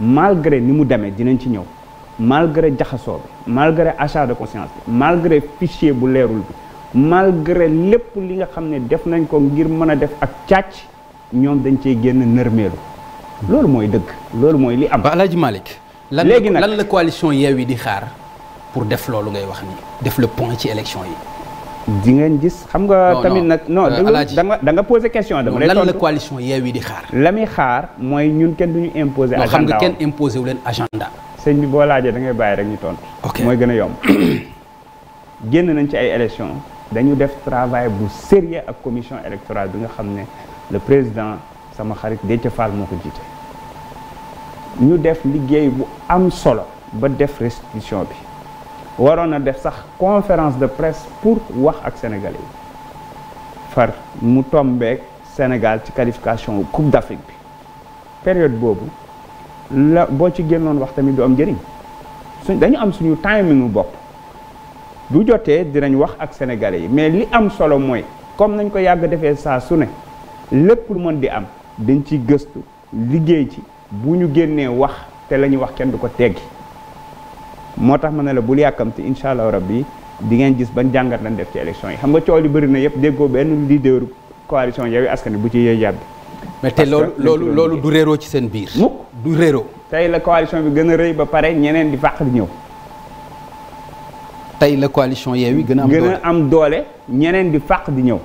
malgré ni mu demee dinañ ci ñëw malgré jaxasoo bi malgré achat de conscience bi malgré fichier bu leerul bi malgré lépp li nga xam ne def nañ ko ngir mën a def ak càcc ñoom dañ cee génn nërmeelu loolu mooy dëgg loolu mooy li am ba Alaaji Malick léegi nag lan la coalition Yewwi di xaar pour def loolu ngay wax ni def la point ci élection yi di ngeen gis xam nga tamit nag non euh, danga da nga posé question dama lay tontu lan la coalition Yewwi di xaar la muy xaar mooy ñun kenn duñu imposé agenda xam nga kenn imposé wu leen agenda sëñ bi boo laajee dangay bàyyi rek ñu tontu mooy gën a yomb génn nañ ci ay élection dañu def travail bu sérieux ak commission électorale bi nga xam ne le président sama xarit Déthié Fall moo ko jiite ñu def liggéey bu am solo ba def restitution bi waroon na def sax conférence de presse pour wax ak sénégalais yi far mu tombeek Sénégal ci qualification Coupe d'Afrique bi période boobu la boo ci génnoon wax tamit du am njëriñ suñ dañu am suñu timing bopp bu jotee dinañ wax ak sénégalais yi mais li am solo mooy comme nañ ko yàgg defee saa su ne lépp lu mën di am dañ ci gëstu liggéey ci bu ñu génnee wax te la ñuy wax kenn du ko teggi moo tax ma ne la bul yàkkamti incha allah rabbi di ngeen gis ban jàngat lañ def ci élection yi xam nga coow li bëri na yëpp déggoo benn leader coalition Yewwi Askan Wi bu ci yëy yàbbi mais te loolu loolu du réeroo ci seen biir mukk du réeroo tey la coalition bi gën a rëy ba pare ñeneen di fàq ñëw tey la coalition Yewwi gën a am gën am doole ñeneen di fàq di ñëw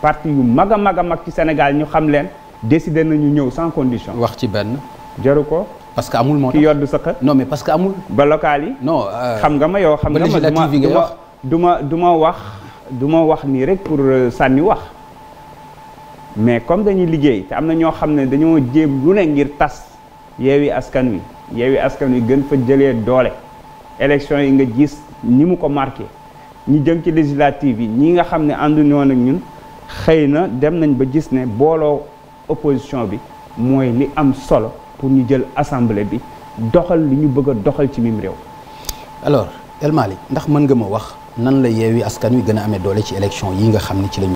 parti yu mag a mag a mag ci Sénégal ñu xam leen décidé nañu ñëw sans condition wax ci benn jaru ko parce que amul moo tax ki yodd sa xët non parce que amul. ba local yi. Euh, xam nga ma yow. xam nga ma du ma du ma du ma wax du ma wax nii rek pour euh, sànni wax. mais comme dañuy liggéey te am na ñoo xam ne dañoo jéem lu ne ngir tas yeewi askan wi yeewi askan wi gën fa jëlee doole. élection yi nga gis ni mu ko marqué ñu jëm ci législative yi ñi nga xam ne ànduñoo nag ñun xëy na dem nañ ba gis ne booloo opposition bi mooy li am solo. pour ñu jël assemblée bi doxal lu ñu bëgg a doxal ci mim réew. alors El Malick ndax mën nga ma wax nan la yeewi askan wi gën a amee doole ci élection yi nga xam ni ci lañu